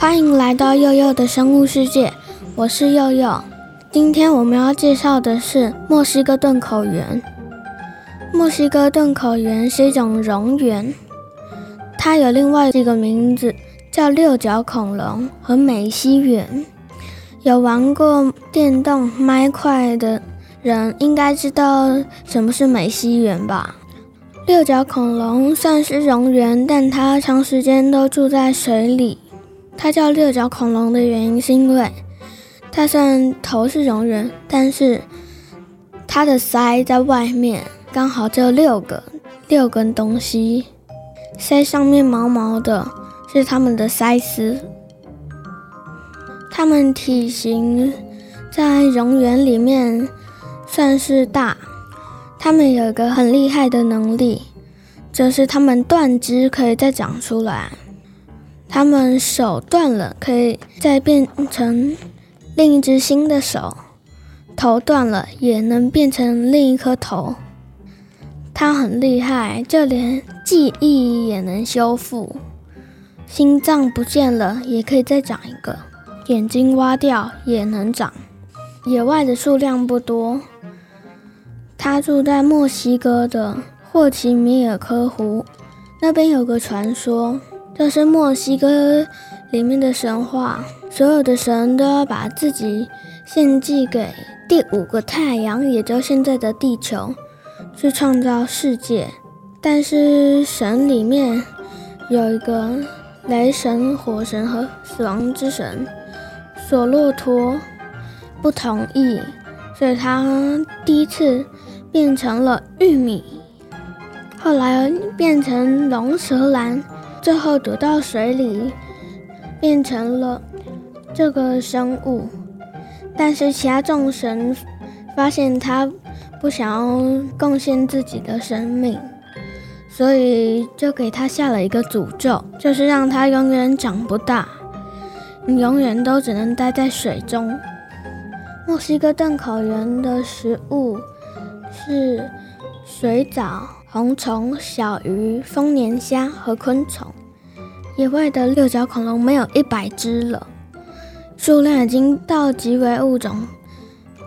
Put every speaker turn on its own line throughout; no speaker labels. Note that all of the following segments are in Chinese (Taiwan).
歡迎來到祐祐的生物世界，我是祐祐。今天我們要介紹的是墨西哥鈍口螈。墨西哥鈍口螈是一種蠑螈，它有另外一個名字，叫六角恐龍和美西螈。有玩過電動麥塊的人，應該知道什麼是美西螈吧？六角恐龍算是蠑螈，但它長時間都住在水裡。它叫六角恐龍的原因，是因為它雖然頭是蠑螈，但是它的鰓在外面，剛好就六個六根東西，鰓上面毛毛的是它們的鰓絲。它們體型在蠑螈裡面算是大。它們有一個很厲害的能力，就是它們斷肢可以再長出來。它們手斷了可以再變成另一隻新的手，頭斷了也能變成另一顆頭。它很厲害，就連記憶也能修復，心臟不見了也可以再長一個。眼睛挖掉也能長，野外的數量不多。他住在墨西哥的霍奇米爾科湖。那邊有個傳說，這、就是墨西哥裡面的神話。所有的神都要把自己獻祭給第五個太陽，也就是現在的地球，去創造世界。但是神裡面有一個雷神、火神和死亡之神。索洛托不同意，所以他第一次變成了玉米，後來變成龍舌蘭，最後躲到水裡變成了這個生物。但是其他眾神發現他不想要貢獻自己的生命，所以就給他下了一個詛咒，就是讓他永遠長不大。永遠都只能待在水中。墨西哥鈍口螈的食物是水藻、紅蟲、小魚、豐年蝦和昆蟲。野外的六角恐龍沒有一百只了，數量已經到極危物種。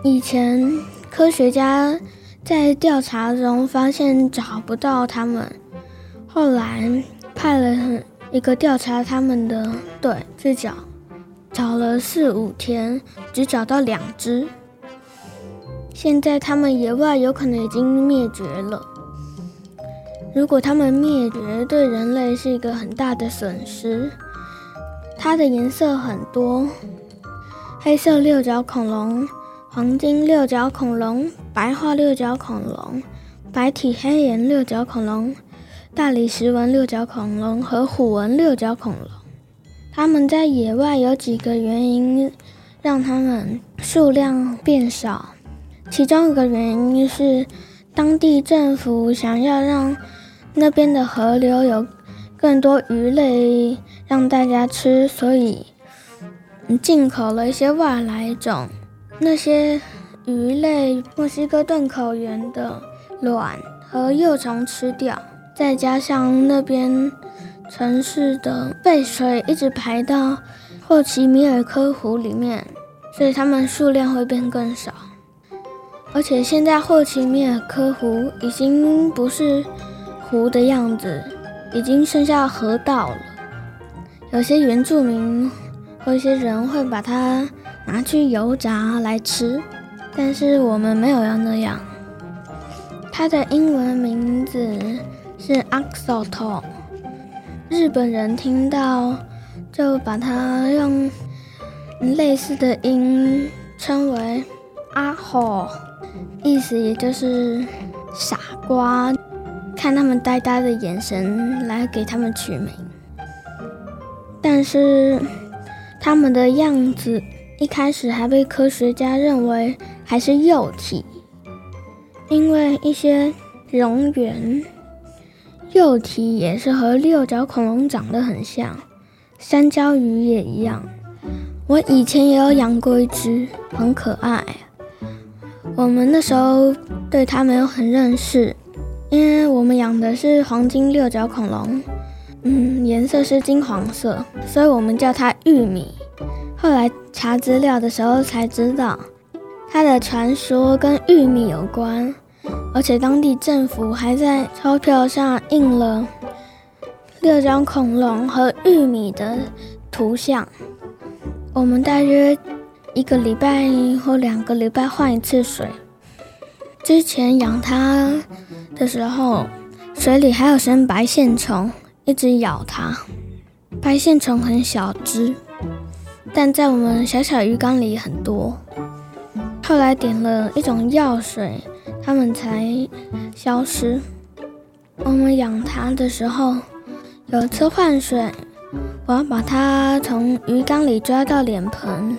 以前科學家在調查中發現找不到它們，後來派了很一個調查他們的隊去找。找了四五天，只找到兩隻。現在它們野外有可能已經滅絕了。如果它們滅絕，對人類是一個很大的損失。它的顏色很多：黑色六角恐龍、黃金六角恐龍、白化六角恐龍、白體黑眼六角恐龍、大理石紋六角恐龍和虎紋六角恐龍。他們在野外有幾個原因，讓他們數量變少。其中一個原因是當地政府想要讓那邊的河流有更多魚類讓大家吃，所以進口了一些外來種，那些魚類墨西哥鈍口螈的卵和幼蟲吃掉，再加上那邊。城市的廢水一直排到霍奇米爾科湖裡面，所以它們數量會變更少。而且現在霍奇米爾科湖已經不是湖的樣子，已經剩下河道了。有些原住民和一些人會把它拿去油炸來吃，但是我們沒有要那樣。它的英文名字是 Axolotl。日本人聽到，就把它用類似的音稱為“阿火”，意思也就是“傻瓜”。看他們呆呆的眼神，來給他們取名。但是他們的樣子一開始還被科學家認為還是幼體，因為一些蠑螈。幼體也是和六角恐龍長得很像，山椒魚也一樣。我以前也有養過一隻，很可愛。我們那時候對它沒有很認識，因為我們養的是黃金六角恐龍，嗯，顏色是金黃色，所以我們叫它玉米。後來查資料的時候才知道，它的傳說跟玉米有關。而且當地政府還在鈔票上印了六角恐龍和玉米的圖像。我們大約一個禮拜或兩個禮拜換一次水。之前養它的時候，水裡還有些白線蟲，一直咬它。白線蟲很小隻，但在我們小小魚缸裡很多。後來點了一種藥水。它們才消失。我們養它的時候，有一次換水，我要把它從魚缸裡抓到臉盆。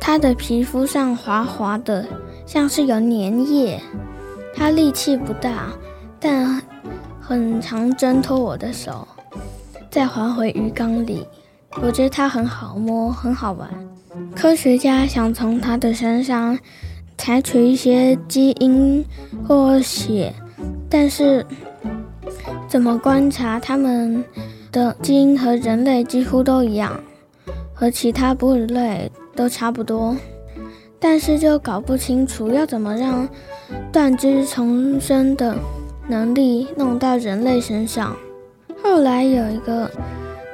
它的皮膚上滑滑的，像是有粘液。它力氣不大，但很常掙脫我的手，再滑回魚缸裡。我覺得它很好摸，很好玩。科學家想從它的身上，採取一些基因或血，但是怎麼觀察他們的基因和人類幾乎都一樣，和其他哺乳類都差不多，但是就搞不清楚要怎麼讓斷肢重生的能力弄到人類身上。後來有一個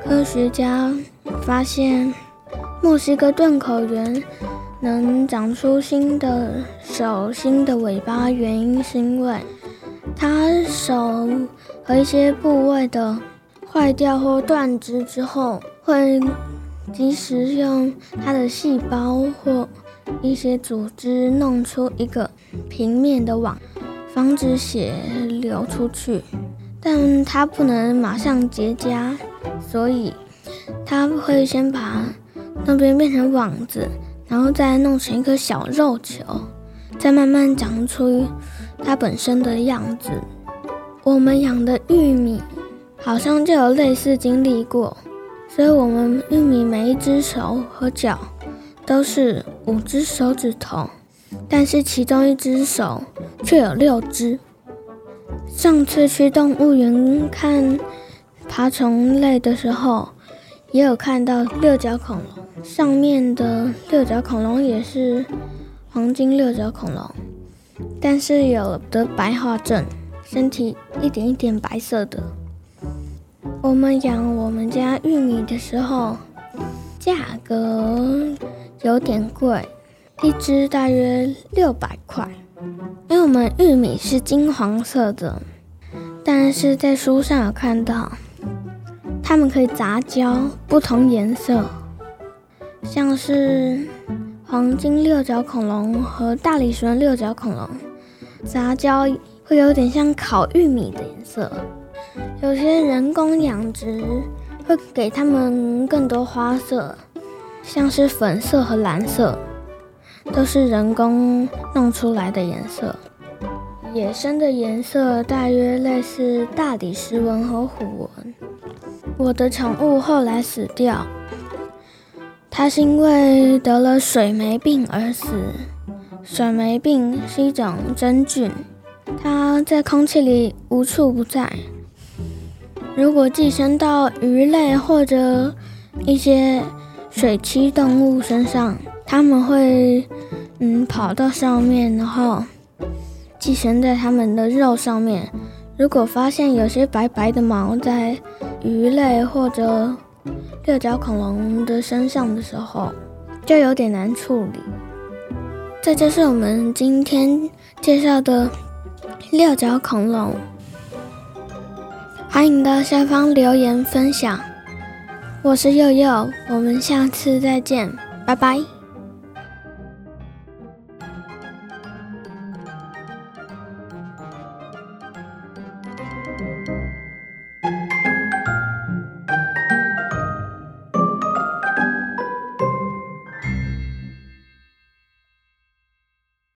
科學家發現墨西哥鈍口螈。能長出新的手、新的尾巴，原因是因為它手和一些部位的壞掉或斷肢之後，會及時用它的細胞或一些組織弄出一個平面的網，防止血流出去，但它不能馬上結痂，所以它會先把那邊變成網子。然後再弄成一顆小肉球，再慢慢長出它本身的樣子。我們養的玉米好像就有類似經歷過，所以我們玉米每一隻手和腳都是五隻手指頭，但是其中一隻手卻有六隻。上次去動物園看爬蟲類的時候，也有看到六角恐龍，上面的六角恐龍也是黃金六角恐龍，但是有的白化症，身體一點一點白色的。我們養我們家玉米的時候，價格有點貴，一隻大約六百塊，因為我們玉米是金黃色的，但是在書上有看到。它們可以雜交，不同顏色，像是黃金六角恐龍和大理石紋六角恐龍雜交會有點像烤玉米的顏色。有些人工養殖會給它們更多花色，像是粉色和藍色，都是人工弄出來的顏色。野生的顏色大約類似大理石紋和虎紋。我的寵物後來死掉，它是因為得了水霉病而死。水霉病是一種真菌，它在空氣裡無處不在。如果寄生到魚類或者一些水棲動物身上，它們會嗯跑到上面，然後寄生在它們的肉上面。如果發現有些白白的毛在。魚類或者六角恐龍的身上的時候，就有點難處理。這就是我們今天介紹的六角恐龍。歡迎到下方留言分享。我是佑佑，我們下次再見，拜拜。